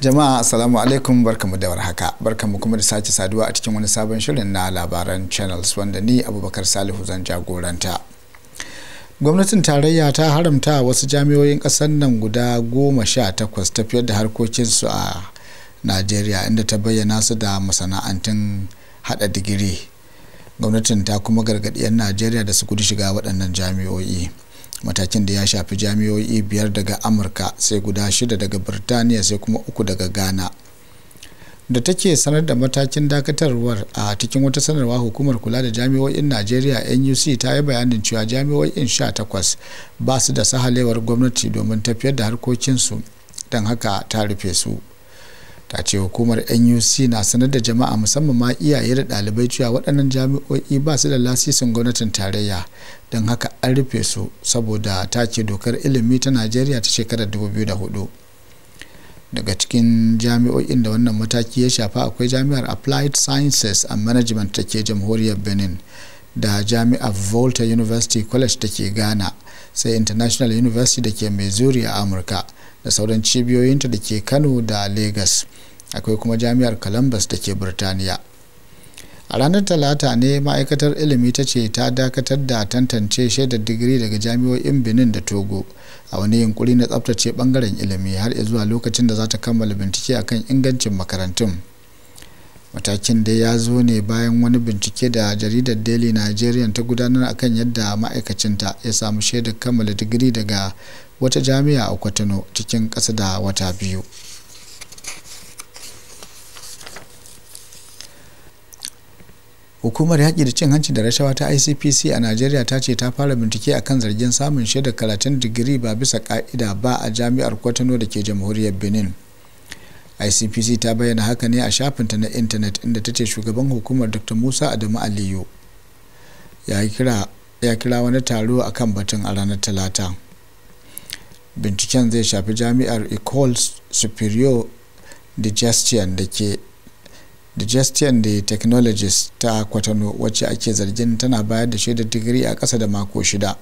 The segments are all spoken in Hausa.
jama'a assalamu alaikum barkamu da warhaka barkamu kuma da sace saduwa a cikin wani sabon shirin na labaran channels wanda ni abubakar salihu zan jagoranta gwamnatin tarayya ta haramta wasu jami'oyin ƙasar nan guda goma sha takwas tafiyar da harkokinsu a najeriya inda ta bayyana su da masana'antun hada digiri gwamnatin ta kuma gargaɗi 'yan najeriya da su gudu shiga waɗannan jami'o'i matakin da ya shafi jami'o'i biyar daga amurka sai guda shida daga birtaniya sai kuma uku daga ghana da take sanar da matakin dakatarwar a cikin wata sanarwa hukumar kula da jami'o'in najeriya nuc ta yi bayanin cewa jami'o'in sha takwas ba su da sahalewar gwamnati domin tafiyar da harkokinsu don haka ta rufe su ta ce hukumar nuc na sanar da jama'a musamman ma iyaye da dalibai cewa waɗannan jami'o'i ba su da lasisin gwamnatin tarayya don haka an rufe su saboda ta take dokar ilimi ta najeriya ta shekarar 2004 daga cikin jami'o'in da wannan mataki ya shafa akwai jami'ar applied sciences and management ta ke jamhuriyar benin da jami'ar volta university college da ke ghana sai international university da ke missouri a amurka da sauran cibiyoyinta da ke kano da legas akwai kuma jami'ar columbus da ke birtaniya a ranar talata ne ma'aikatar ilimi ta ce ta dakatar da tantance shaidar digiri daga jami'o'in benin da togo a wani yunkuri na tsabtace bangaren ilimi har zuwa lokacin da za ta kammala bincike akan ingancin makarantun matakin dai ya zo ne bayan wani bincike da jaridar daily nigerian ta gudanar akan yadda ma'aikacinta ya samu shaidar kammala digiri daga wata jami'a a kwatano cikin ƙasa da wata biyu hukumar yaƙi da cin hanci da rashawa ta icpc a nigeria ta ce ta fara bincike akan zargin samun shaidar karatun digiri ba bisa ƙa'ida ba a jami'ar kwatano da ke jamhuriyar benin icpc ta bayyana haka ne a shafinta na intanet inda ta ce shugaban hukumar dr musa adamu aliyu ya kira wani taro a kan batun a ranar talata binciken zai shafi jami'ar ecole superior digestion da ke digestion da technologies ta kwatano wacce ake zargin tana bayar da shaidar digiri a ƙasa da mako shida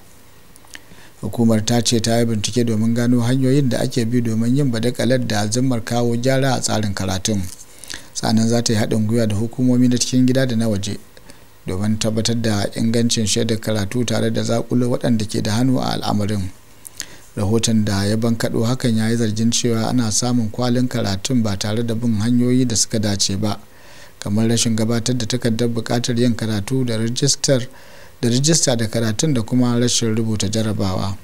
hukumar ta ce ta yi bincike domin gano hanyoyin da ake bi domin yin badakalar da zimmar kawo gyara a tsarin karatun sannan za ta yi haɗin gwiwa da hukumomi na cikin gida da na waje domin tabbatar da ingancin shaidar karatu tare da zakulo waɗanda ke da hannu a al'amarin rahoton da ya bankaɗo hakan ya yi zargin cewa ana samun kwalin karatun ba tare da bin hanyoyi da suka dace ba kamar rashin gabatar da takardar buƙatar yin karatu da rajistar da rijista da karatun da kuma rashin rubuta jarabawa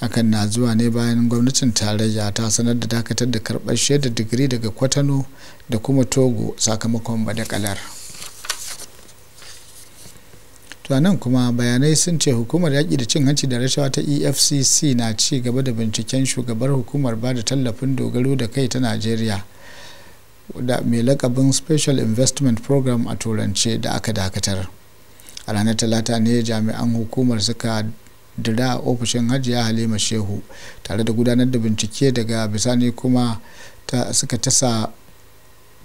hakan na zuwa ne bayan gwamnatin tarayya ta sanar da dakatar da karɓar shaidar digiri daga kwatano da kuma togo sakamakon badakalar nan kuma bayanai sun ce hukumar yaƙi da cin hanci da rashawa ta efcc na ci gaba da binciken shugabar hukumar ba da tallafin dogaro da kai ta najeriya da mai lakabin special investment program a turance da aka dakatar a ranar talata ne jami'an hukumar suka dira a ofishin hajiya halima shehu tare da gudanar da bincike daga bisani kuma suka tasa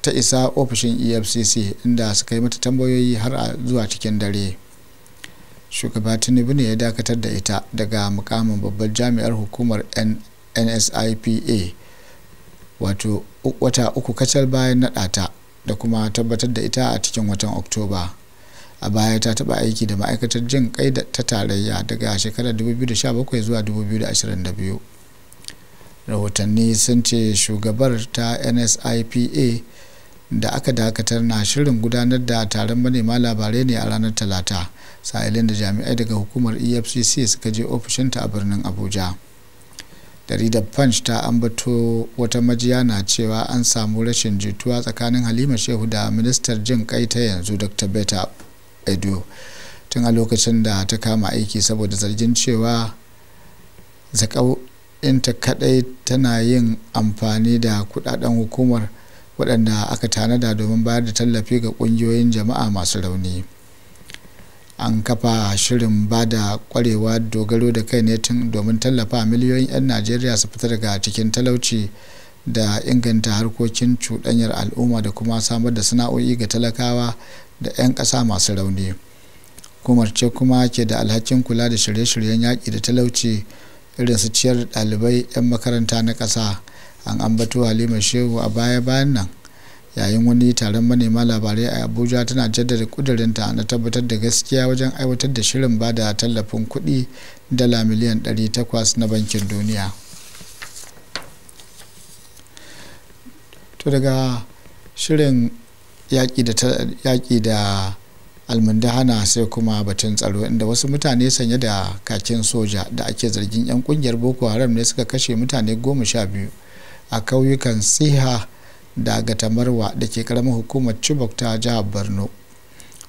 ta isa ofishin efcc inda suka yi mata tambayoyi har a zuwa cikin dare shugaba tinubu ne ya dakatar da ita daga mukamin babbar jami'ar hukumar nsipa wato wata uku kacal bayan naɗa ta da kuma tabbatar da ita a cikin watan oktoba a baya ta taɓa aiki da ma'aikatar jin kai ta tarayya daga shekarar 2017 zuwa 2022 rahotanni sun ce shugabar ta nsipa da aka dakatar na shirin gudanar da taron manema labarai ne a ranar talata sa'ilin da jami'ai daga hukumar efcc suka je ofishinta a birnin abuja da punch ta ambato wata majiya na cewa an samu rashin jituwa tsakanin halima shehu da ministar jin kai ta yanzu dr beta edo tun a lokacin da ta kama aiki saboda zargin cewa zakau inta kadai tana yin amfani da kudaden hukumar waɗanda aka tanada domin bayar da tallafi ga ƙungiyoyin jama'a masu rauni an kafa shirin ba da ƙwarewa dogaro da kai ne tun domin tallafa miliyoyin 'yan najeriya su fita daga cikin talauci da inganta harkokin cuɗanyar al'umma da kuma samar da sana'o'i ga talakawa da 'yan ƙasa masu rauni hukumar ce kuma ke da alhakin kula da shirye-shiryen yaƙi da talauci irin su ciyar da ɗalibai 'yan makaranta na ƙasa an ambato halima shehu a baya-bayan nan yayin wani taron manema labarai a abuja tana jaddada kudurinta na tabbatar da gaskiya wajen aiwatar da shirin ba da tallafin kuɗi dala miliyan 800 na bankin duniya to daga shirin yaƙi da almundahana sai kuma batun tsaro inda wasu mutane sanye da kakin soja da ake zargin 'yan kungiyar boko haram ne suka kashe mutane goma sha biyu a kauyukan siha da gatamarwa da ke karamin hukumar chibok ta jihar borno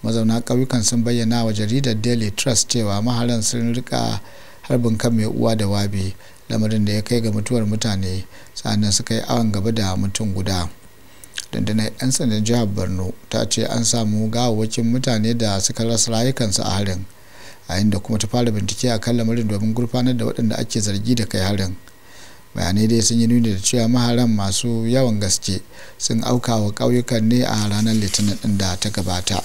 mazauna kauyukan sun bayyana wa jaridar daily trust cewa maharan sun rika harbin kan mai uwa da wabi lamarin da ya kai ga mutuwar mutane sannan suka yi awon gaba da mutum guda dandanar 'yan sandan jihar borno ta ce an samu gawawwakin mutane da suka rasa rayukansu a harin a inda kuma ta fara bincike a kan lamarin domin gurfanar da waɗanda ake zargi da kai harin bayanai dai sun yi nuni da cewa maharan masu yawan gaske sun auka wa ƙauyukan ne a ranar litinin ɗin da ta gabata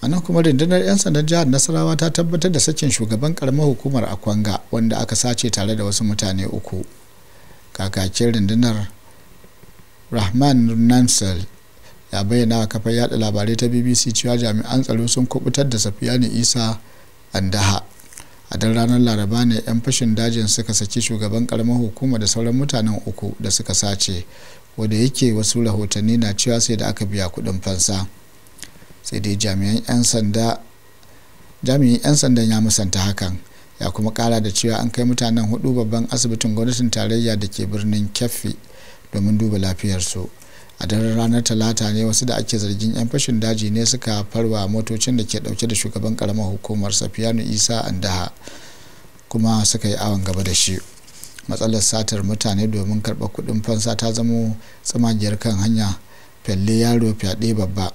a nan kuma rundunar 'yan sandan jihar nasarawa ta tabbatar da sakin shugaban karamar hukumar akwanga wanda aka sace tare da wasu mutane uku kakakin rundunar rahman nansel ya bayyana a kafar yada labarai ta bbc cewa jami'an tsaro sun kubutar da safiyani isa andaha a dan ranar laraba ne 'yan fashin dajin suka saki shugaban karamar hukuma da sauran mutanen uku da suka sace wadda yake wasu rahotanni na cewa sai da aka biya kudin fansa sai dai jami'an 'yan sandan ya musanta hakan ya kuma kara da cewa an kai mutanen hudu babban asibitin gwamnatin tarayya da ke birnin kyaffi domin duba lafiyarsu a daren ranar talata ne wasu da ake zargin 'yan fashin daji ne suka farwa motocin da ke dauke da shugaban karamar hukumar safiyanu isa andaha kuma suka yi awon gaba da shi matsalar satar mutane domin karɓar kuɗin fansa ta zamo tsamagiyar kan hanya fyalle yaro fyaɗe babba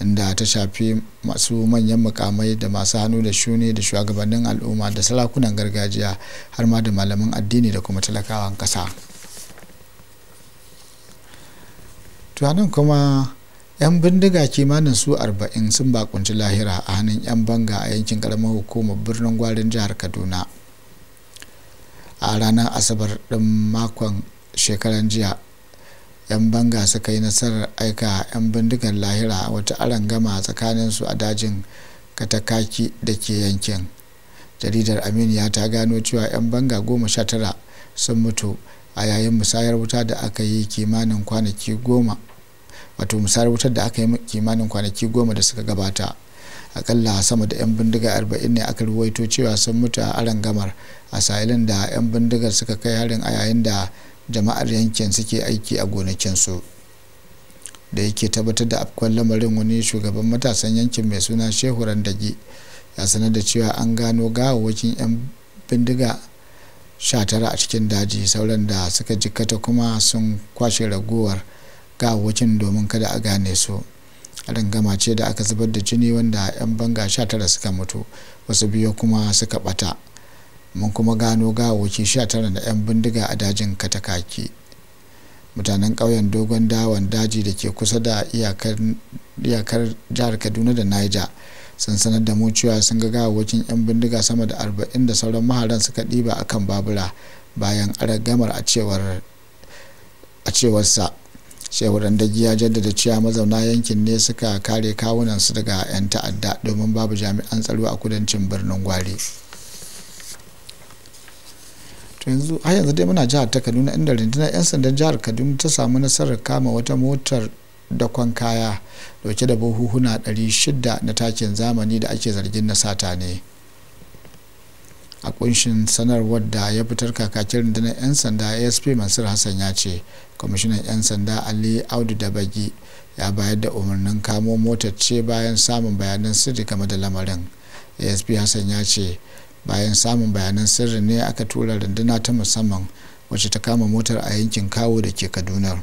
inda ta shafi masu manyan mukamai da masu hannu da shuni da shugabannin al'umma da sarakunan gargajiya har ma da malaman addini da kuma talakawan ƙasa tunanin kuma 'yan bindiga kimanin su 40 sun bakunci lahira a hannun 'yan banga a yankin karamar hukumar birnin gwarin jihar kaduna a ranar asabar ɗin makon shekaran jiya 'yan banga suka yi nasarar aika 'yan bindigar lahira wata arangama su a dajin katakaki da ke yankin jaridar aminiya ta gano cewa 'yan banga goma sha tara sun mutu a yayin musayar wuta da aka yi kimanin kwanaki goma wato musayar wutar da aka yi kimanin kwanaki goma da suka gabata akalla sama da 'yan bindiga 40 ne aka ruwaito cewa sun mutu a arangamar a sa'ilin da 'yan bindigar suka kai harin a yayin da jama'ar yankin suke aiki a gonakinsu da yake tabbatar da afkuwar lamarin wani shugaban matasan yankin mai suna shehu randage ya sanar da cewa an gano gawawakin 'yan bindiga 19 a cikin daji sauran da suka jikkata kuma sun kwashe ragowar gawawakin domin kada a gane su rangama ce da aka zubar da jini wanda 'yan banga 19 suka mutu wasu biyu kuma suka bata mun kuma gano gawoki 19 da 'yan bindiga a dajin katakaki mutanen ƙauyen dogon dawon daji da ke kusa da iyakar jihar kaduna da niger sun sanar da mu cewa sun ga gawawakin 'yan bindiga sama da 40 da sauran maharan suka ɗiba akan babura bayan aragamar a cewarsa shehuran dagi ya jaddada cewa mazauna yankin ne suka kare kawunansu daga 'yan ta'adda domin babu jami'an tsaro a kudancin birnin gwari. to yanzu har yanzu dai muna jihar ta kaduna inda rundunar 'yan sandan jihar kaduna ta samu nasarar kama wata motar dakon kaya dauke da buhuhuna 600 na takin zamani da ake zargin na sata ne a kunshin sanarwar da ya fitar kakakin rundunar 'yan sanda asp mansur hassan ya ce kwamishinan 'yan sanda ali audu da bagi ya bayar da umarnin kamo motar ce bayan samun bayanan sirri game da lamarin asp hassan ya ce bayan samun bayanan sirri ne aka tura runduna ta musamman wacce ta kama motar a yankin kawo da ke kaduna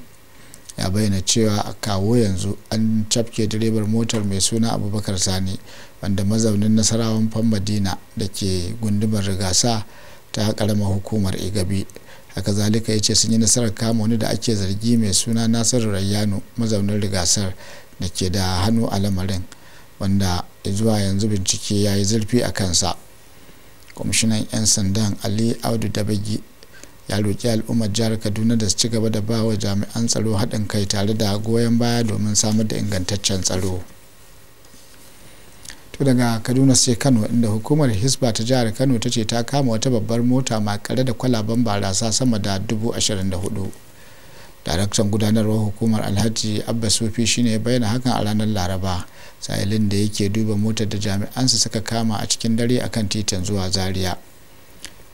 ya bayyana cewa a kawo yanzu an cafke direbar motar mai suna abubakar sani wanda mazaunin nasarawan fan madina da ke gundumar rigasa ta karamar hukumar igabi haka zalika ya ce sun yi nasarar kama wani da ake zargi mai suna nasiru rayyano mazaunin rigasar da ke da hannu a lamarin wanda zuwa yanzu bincike ya yi zurfi a kansa kwamishinan 'yan sandan ali audu da dabagi ya roƙi al'ummar jihar kaduna da su ci gaba da ba wa jami'an tsaro haɗin kai tare da goyon baya domin samar da ingantaccen tsaro to daga kaduna sai kano inda hukumar hisba ta jihar kano ta ce ta kama wata babbar mota makare da kwalaban barasa sama da dubu ashirin da hudu daraktan gudanarwar hukumar alhaji abba sufi shine ya bayyana hakan a ranar laraba sa'ilin da yake duba motar da jami'ansa suka kama a cikin dare a kan titin zuwa zaria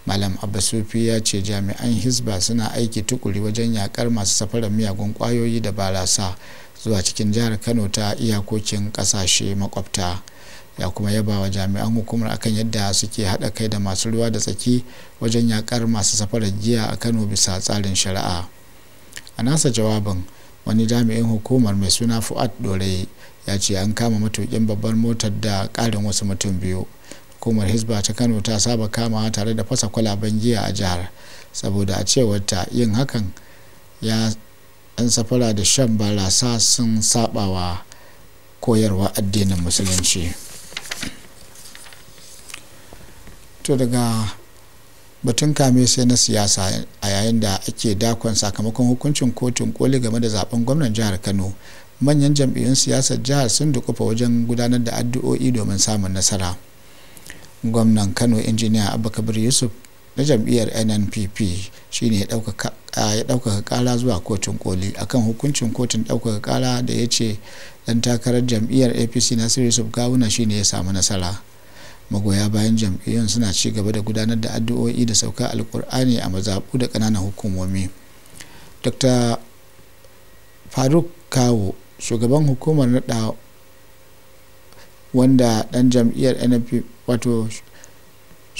malam abba sufi ya ce jami'an hisba suna aiki tukuri wajen yakar masu safarar miyagun kwayoyi da barasa zuwa cikin jihar kano ta iyakokin kasashe makwabta ya kuma yaba wa jami'an hukumar akan yadda suke haɗa kai da masu ruwa da tsaki wajen yakar masu safarar giya a kano bisa tsarin shari'a a nasa jawabin wani jami'in hukumar mai suna fuad doraye ya ce an kama matukin babbar motar da karin wasu mutum biyu hukumar hisba ta kano ta saba kamawa tare da fasa kwalaben giya a jihar saboda a cewar ta yin hakan ya an safara da shan barasa sun sabawa koyarwa addinin musulunci to daga batun kame sai na siyasa a yayin da ake dakon sakamakon hukuncin kotun koli game da zaben gwamnan jihar kano manyan jam'iyyun siyasar jihar sun dukufa wajen gudanar da addu'o'i domin samun nasara gwamnan kano injiniya abubakar yusuf na jam'iyyar nnpp shine ya ɗaukaka kara zuwa kotun koli akan hukuncin kotun ɗaukaka kara da ya ce ɗan takarar jam'iyyar apc nasiru yusuf gawuna shine ya samu nasara magoya bayan jam'iyyun suna ci gaba da gudanar da addu'o'i da sauka alkur'ani a mazaɓu da ƙananan hukumomi dr faruk kawo shugaban hukumar naɗa wanda ɗan jam'iyyar wato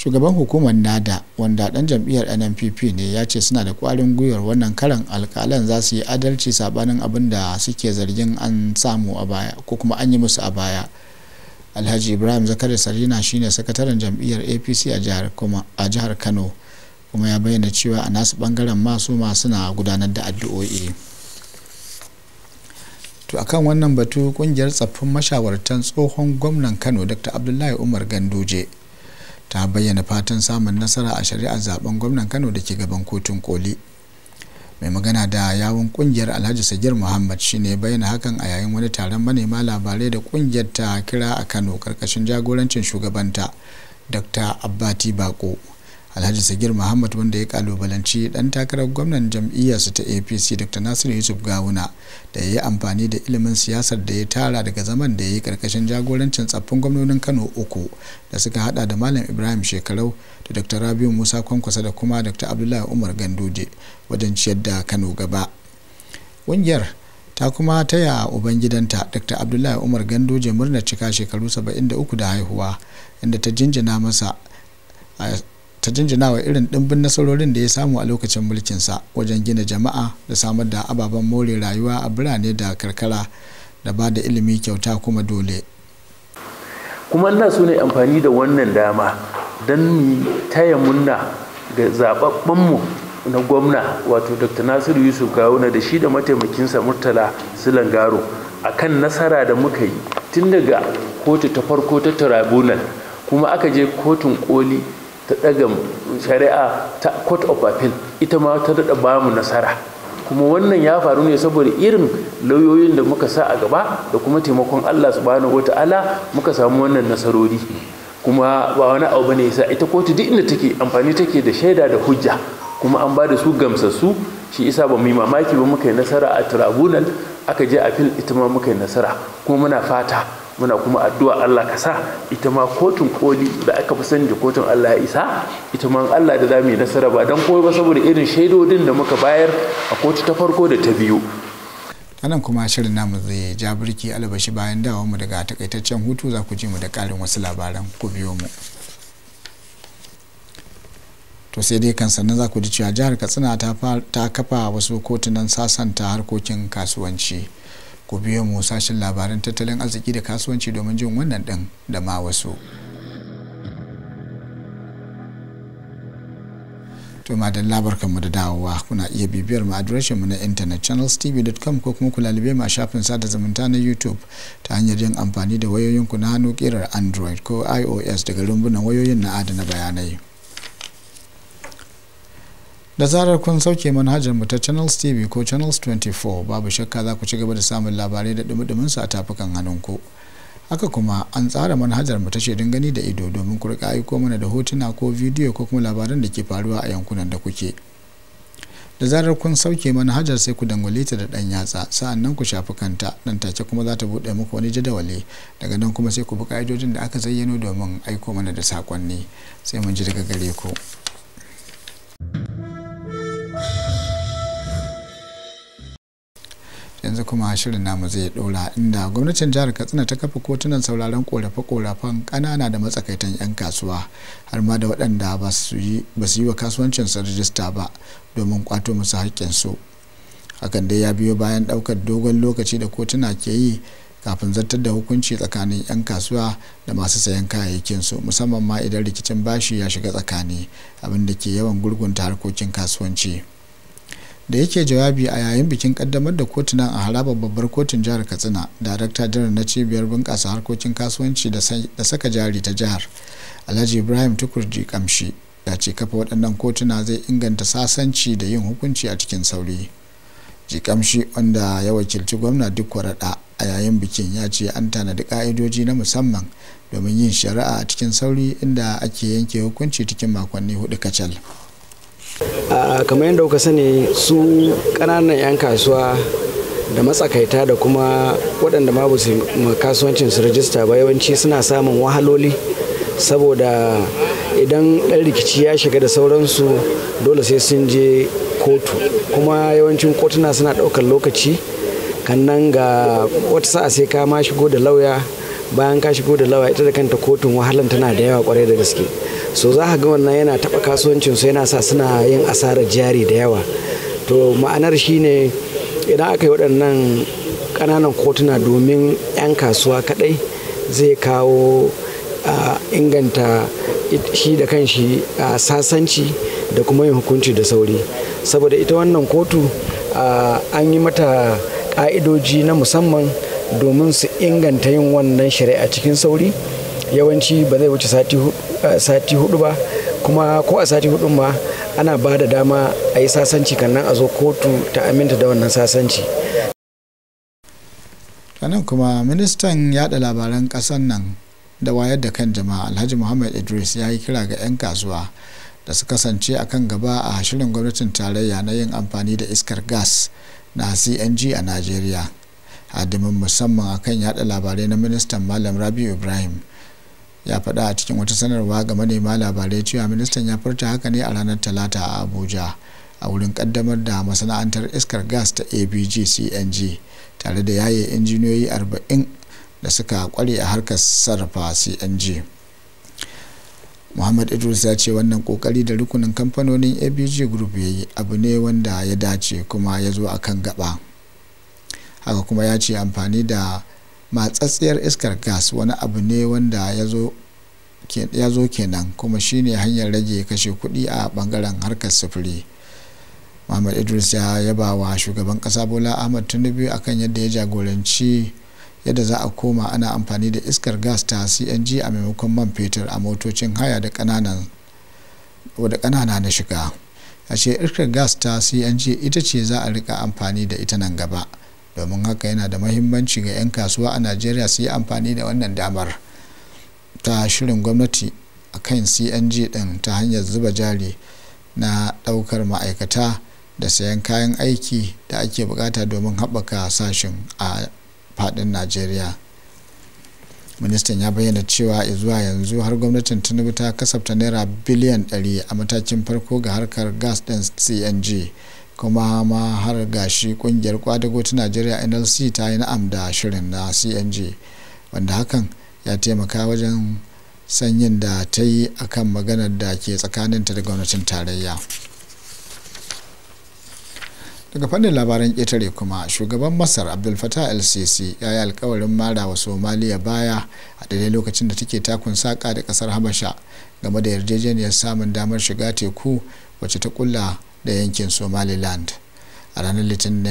shugaban hukumar nada wanda ɗan jam'iyyar nnpp ne ya ce suna da ƙwarin gwiwar wannan karan alkalan za su yi adalci sabanin abin da suke zargin an samu a baya ko kuma an yi musu a baya alhaji ibrahim zakari sarina shine sakataren jam'iyyar apc a jihar kano kuma ya bayyana cewa a nasu bangaren masu masu na gudanar da addu'o'i to akan wannan batu kungiyar tsaffin mashawartan tsohon gwamnan kano dr abdullahi umar ganduje ta bayyana fatan samun nasara a shari'ar zaben gwamnan kano da ke gaban kotun koli mai magana da yawun kungiyar alhaji sagir muhammad shine bayyana hakan a yayin wani taron manema labarai da kungiyar ta kira a kano karkashin jagorancin shugabanta dr abbati bako alhaji sagir muhammad wanda ya kalubalanci dan takarar gwamnan jam'iyyarsa ta apc dr nasiru yusuf gawuna da ya yi amfani da ilimin siyasar da ya tara daga zaman da ya yi karkashin jagorancin tsaffin gwamnonin kano uku da suka hada da malam ibrahim shekarau da dr rabiu musa kwankwasa da kuma dr abdullahi umar gandoje wajen ciyar da kano gaba ƙungiyar ta kuma taya ubangidanta dr abdullahi umar gandoje murnar cika shekaru 73 da haihuwa inda ta jinjina masa ta jinjina irin ɗimbin nasarorin da ya samu a lokacin mulkinsa wajen gina jama'a da samar da ababen more rayuwa a birane da karkara da ba da ilimi kyauta kuma dole kuma Allah su ne amfani da wannan dama don mu taya munna ga zababbenmu na gwamna wato dr nasiru yusuf gawuna da shi da mataimakinsa murtala silangaro a kan nasara da muka yi tun daga kotu ta farko ta tribunal kuma aka je kotun koli ta daga shari'a ta court of appeal ita ma ta daɗa ba mu nasara kuma wannan ya faru ne saboda irin lauyoyin da muka sa a gaba da kuma taimakon Allah subhanahu wata'ala muka samu wannan nasarori kuma ba wani abu bane yasa ita kotu duk inda take amfani take da shaida da hujja kuma an ba da su gamsassu shi isa ba mu yi mamaki ba muka yi nasara a tribunal aka je appeal ita ma muka yi nasara kuma muna fata muna kuma addu'a Allah ka sa ita ma kotun koli da aka fi sani da kotun Allah ya isa ita ma Allah da zamu yi nasara ba dan koyi ba saboda irin shaidodin da muka bayar a kotu ta farko da ta biyu anan kuma shirin namu zai ja birki albashi bayan dawo mu daga takaitaccen hutu za ku ji mu da karin wasu labaran ku biyo mu to sai dai kan sannan za ku ji cewa jihar katsina ta kafa wasu kotunan sasanta harkokin kasuwanci ku biyo mu sashen labaran tattalin arziki da kasuwanci domin jin wannan ɗin da ma wasu. to da labar mu da dawowa kuna iya bibiyar mu adireshin mu na intanet channelstv.com ko kuma kula libe ma shafin sada zumunta na youtube ta hanyar yin amfani da wayoyinku na hannu kerar android ko ios daga rumbunan wayoyin na adana bayanai da zarar kun sauke manhajar mu ta channels tv ko channels 24 babu shakka za ku ci gaba da samun labarai da dumi su a tafukan hannunku haka kuma an tsara manhajar mu ta don gani da ido domin ku rika aiko mana da hotuna ko bidiyo ko kuma labaran da ke faruwa a yankunan da kuke da zarar kun sauke manhajar sai ku dangwale ta da dan yatsa sa'an nan ku shafi kanta nan take kuma za ta bude muku wani jadawali daga nan kuma sai ku bi ka'idojin da aka zayyano domin aiko mana da sakonni sai mun ji daga gare ku thank you yanzu kuma shirin namu zai dora inda gwamnatin jihar katsina ta kafa kotunan sauraron korafe-korafen ƙanana da matsakaitan 'yan kasuwa har ma da waɗanda ba su yi wa kasuwancin su rajista ba domin kwato musu haƙƙinsu hakan dai ya biyo bayan ɗaukar dogon lokaci da kotuna ke yi kafin zartar da hukunci tsakanin 'yan kasuwa da masu sayan kayayyakinsu musamman ma idan rikicin bashi ya shiga tsakani abin da ke yawan gurgunta harkokin kasuwanci. da yake jawabi a yayin bikin kaddamar da kotunan a harabar babbar kotun jihar katsina darakta janar na cibiyar bunƙasa harkokin kasuwanci da saka jari ta jihar alhaji ibrahim tukurji kamshi ya ce kafa waɗannan kotuna zai inganta sasanci da yin hukunci a cikin sauri jikamshi wanda ya wakilci gwamna duk kwaraɗa a yayin bikin ya ce an tanadi ka'idoji na musamman domin yin shari'a a cikin sauri inda ake yanke hukunci cikin makonni hudu kacal. kamar yadda kuka sani su ƙananan 'yan kasuwa da matsakaita da kuma waɗanda ma su kasuwancin su rajista ba yawanci suna samun wahaloli saboda idan ɗan rikici ya shiga da sauransu dole sai sun je kotu kuma yawancin kotuna suna ɗaukar lokaci kan nan ga wata sa'a sai ka ma shigo da lauya bayan ka shigo da lauya ita da kanta kotun wahalan tana da yawa kwarai da gaske so za ga wannan yana taɓa su yana sa suna yin asarar jari da yawa to ma'anar shine idan aka yi waɗannan ƙananan kotuna domin 'yan kasuwa kaɗai zai kawo inganta shi da kanshi a sasanci da kuma yin hukunci da sauri saboda ita wannan kotu an yi mata ƙa'idoji na musamman domin su inganta yin wannan shari'a cikin sauri yawanci ba zai wuce sati sati hudu ba kuma ko a sati hudu ma ana ba da dama a yi sasanci kannan a zo kotu ta aminta da wannan sasanci anan kuma ministan yada labaran kasan nan da wayar da kan jama'a alhaji muhammad idris ya yi kira ga 'yan kasuwa da su kasance a kan gaba a shirin gwamnatin tarayya na yin amfani da iskar gas na cng a nigeria hadimin musamman akan yada labarai na ministan malam rabiu ibrahim ya faɗa a cikin wata sanarwa ga manema labarai cewa ministan ya furta haka ne a ranar talata a abuja a wurin kaddamar da masana'antar iskar gas ta abg cng tare da yaye injiniyoyi 40 da suka kware a harkar sarrafa cng muhammad idris ya ce wannan kokari da rukunin kamfanonin abg group ya yi abu ne wanda ya dace kuma ya zo a kan gaba haka kuma ya ce amfani da matsatsiyar iskar gas wani abu ne wanda ya zo kenan kuma shine hanyar rage kashe kuɗi a bangaren harkar sufuri muhammad idris ya yaba wa shugaban kasa bola ahmad tinubu akan yadda ya jagoranci yadda za a koma ana amfani da iskar gas ta cng a maimakon man fetur a motocin haya da kanana na shiga a ce iskar gas ta cng ita ce za a rika amfani da ita nan gaba domin haka yana da mahimmanci ga 'yan kasuwa a najeriya su yi amfani da wannan damar ta shirin gwamnati a kan cng din ta hanyar zuba jari na daukar ma'aikata da sayan kayan aiki da ake bukata domin haɓaka sashen a fadin najeriya ministan ya bayyana cewa zuwa yanzu har gwamnatin tinubu ta kasafta naira biliyan 100 a matakin farko ga harkar gas din cng kuma ma har gashi kungiyar kwadago ta najeriya nlc ta yi na'am da shirin na cng wanda hakan ya taimaka wajen sanyin da ta yi akan maganar da ke tsakaninta da gwamnatin tarayya daga fannin labaran ƙetare kuma shugaban masar abdul fatah lcc ya yi alkawarin mara wa somaliya baya a daidai lokacin da take takun saƙa da ƙasar habasha game da yarjejeniyar samun damar shiga teku wacce ta kulla da yankin somaliland a ranar litinin ne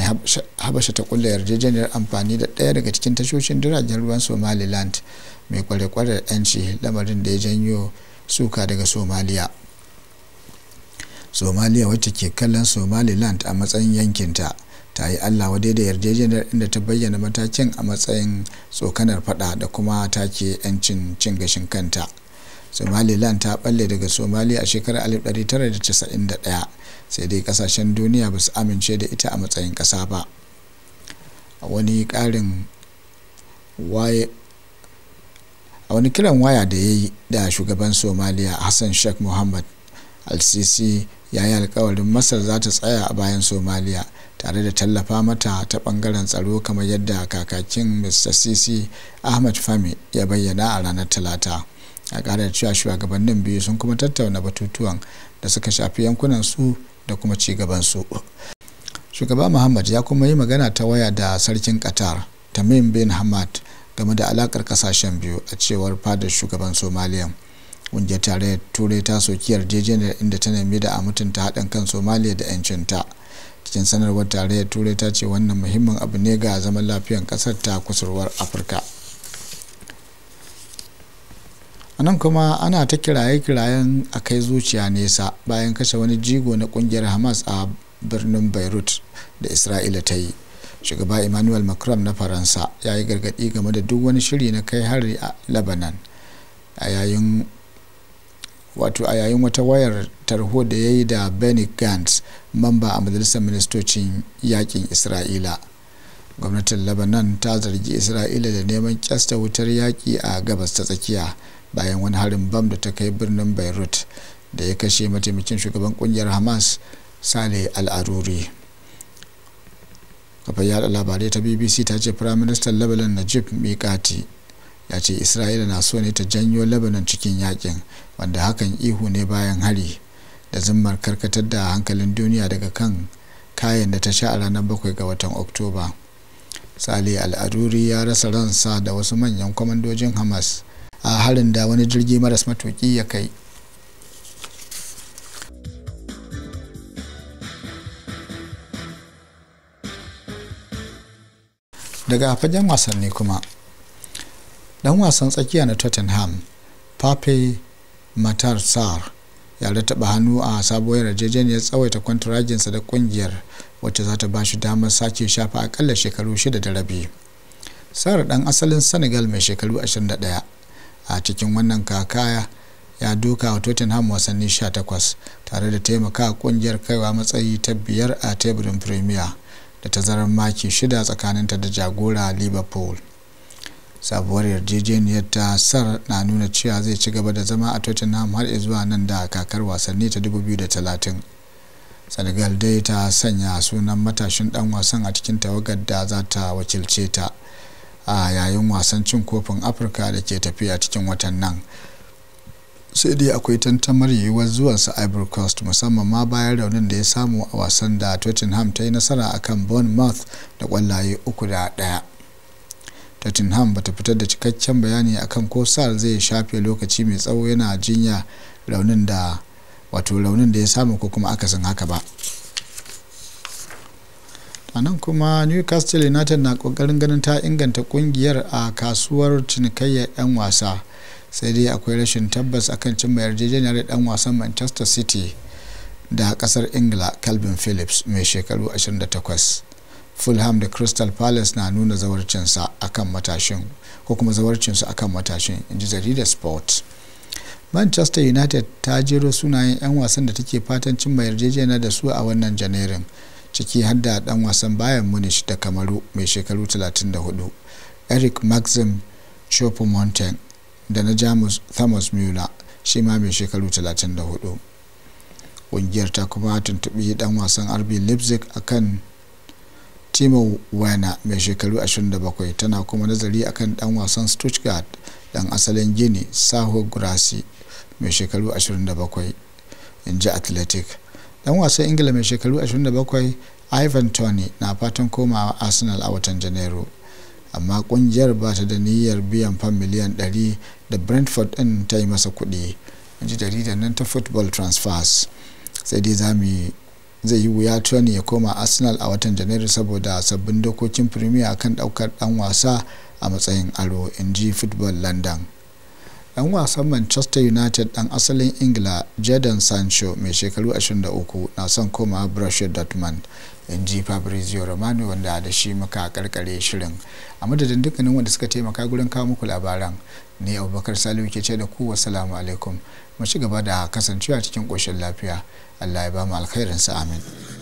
habasha ta kulla yarjejeniyar amfani da ɗaya daga cikin tashoshin jiragen ruwan somaliland mai kwarekwarar 'yanci lamarin da ya janyo suka daga somaliya somaliya wacce ke kallon somaliland a matsayin yankinta ta yi allah wadai da yarjejeniyar inda ta bayyana matakin a matsayin tsokanar fada da kuma take 'yancin cin gashin kanta somaliland ta balle daga somaliya a shekarar 1991 sai dai kasashen duniya ba su amince da ita a matsayin kasa ba a wani karin a wani kiran waya da ya yi da shugaban somaliya hassan sheikh mohammed al-sisi ya yi alkawarin masar za ta tsaya a bayan somaliya tare da tallafa mata ta bangaren tsaro kamar yadda kakakin mr sisi ahmed fami ya bayyana a ranar talata a da cewa shugabannin biyu sun kuma tattauna batutuwan da suka shafi yankunan su da kuma ci gaban su shugaba muhammad ya kuma yi magana ta waya da sarkin qatar tamim bin hamad game da alakar kasashen biyu a cewar fadar shugaban somaliya ƙungiyar tarayyar turai ta soki yarjejeniyar inda ta nemi da a mutunta haɗin kan somaliya da yancin ta cikin sanarwar tarayyar turai ta ce wannan muhimmin abu ne ga zaman lafiyar ƙasar ta kusurwar afirka a nan kuma ana ta kiraye-kirayen a kai zuciya nesa bayan kashe wani jigo na kungiyar hamas a birnin beirut da isra'ila ta yi shugaba emmanuel macron na faransa ya yi gargadi game da duk wani shiri na kai hari a lebanon a yayin wato a yayin wata wayar tarho da ya yi da benny gantz mamba a majalisar ministocin yakin isra'ila gwamnatin lebanon ta zargi isra'ila da neman kyasta wutar yaƙi a gabas ta tsakiya bayan wani harin bam da ta kai birnin beirut da ya kashe mataimakin shugaban kungiyar hamas sale al'aruri kafin yada labarai ta bbc ta ce prime minister lebanon najib mikati ya ce isra'ila na so ne ta janyo lebanon cikin yakin wanda hakan ihu ne bayan hari da zimmar karkatar da hankalin duniya daga kan kayan da ta sha a ranar bakwai ga watan oktoba sale al'aduri ya rasa ransa da wasu manyan kwamandojin hamas a harin da wani jirgi maras matuki ya kai daga fagen wasanni kuma dan wasan tsakiya na tottenham pape sar ya da taba hannu a sabuwar yarjejeniyar tsawaita kwantaraginsa da kungiyar wacce za ta ba shi damar sake shafa akalla shekaru shida da rabi sar dan asalin senegal mai shekaru 21 a cikin wannan kakaya ya duka wa tottenham wasanni 18 tare da taimaka kungiyar kaiwa matsayi ta biyar a teburin premier da tazarar maki shida tsakaninta da jagora liverpool sabuwar yarjejeniyar ta sar na nuna cewa zai ci gaba da zama a tottenham har zuwa nan da kakar wasanni ta 2030 senegal dai ta sanya sunan matashin dan wasan a cikin tawagar da za ta wakilce ta a yayin wasan cin kofin afirka da ke tafiya cikin watan nan sai dai akwai tantamar yiwuwar zuwansa ivory coast musamman ma bayan raunin da ya samu a wasan da tottenham ta yi nasara akan bournemouth da kwallaye uku da daya tottenham bata fitar da cikakken bayani akan ko sar zai shafe lokaci mai tsawo yana jinya raunin da wato raunin da ya samu ko kuma akasin haka ba a nan kuma newcastle united na kokarin ganin ta inganta kungiyar a kasuwar cinikayyar 'yan wasa sai dai akwai rashin tabbas akan cimma yarjejeniyar dan wasan manchester city da kasar ingila calvin phillips mai shekaru 28 fulham da crystal palace na nuna zawarcinsa akan matashin ko kuma zawarcinsu akan matashin in jaridar sport manchester united ta jero sunayen 'yan wasan da take fatan cimma yarjejeniyar da su a wannan janairun ciki har da dan wasan bayan munich da kamaru mai shekaru 34 eric maxim chopin moting da na jamus thomas muller shi ma mai shekaru 34 ƙungiyar ta kuma tuntubi dan wasan rb leipzig akan timo werner mai shekaru 27 tana kuma nazari akan dan wasan stuttgart dan asalin gini saho grassi mai shekaru 27 in ji athletic dan wasan ingila mai shekaru 27 ivan tony na fatan komawa arsenal a watan janairu amma kungiyar ba ta da niyyar biyan fam miliyan 100 da brentford din ta yi masa kuɗi ji jaridar nan ta football transfers sai dai zami zai yi wuya tony ya koma arsenal a watan janairu saboda sabbin dokokin premier kan daukar dan wasa a matsayin aro in ji football london 'yan wasan manchester united dan asalin ingila jadon sancho mai shekaru 23 na son koma borussia dortmund in ji fabrizio romano wanda da shi muka karkare shirin a madadin dukkanin wanda suka taimaka gurin kawo muku labaran ne abubakar salihu ke ce da ku wasalamu alaikum mu ci gaba da kasancewa cikin koshin lafiya allah ya ba mu alkhairinsa amin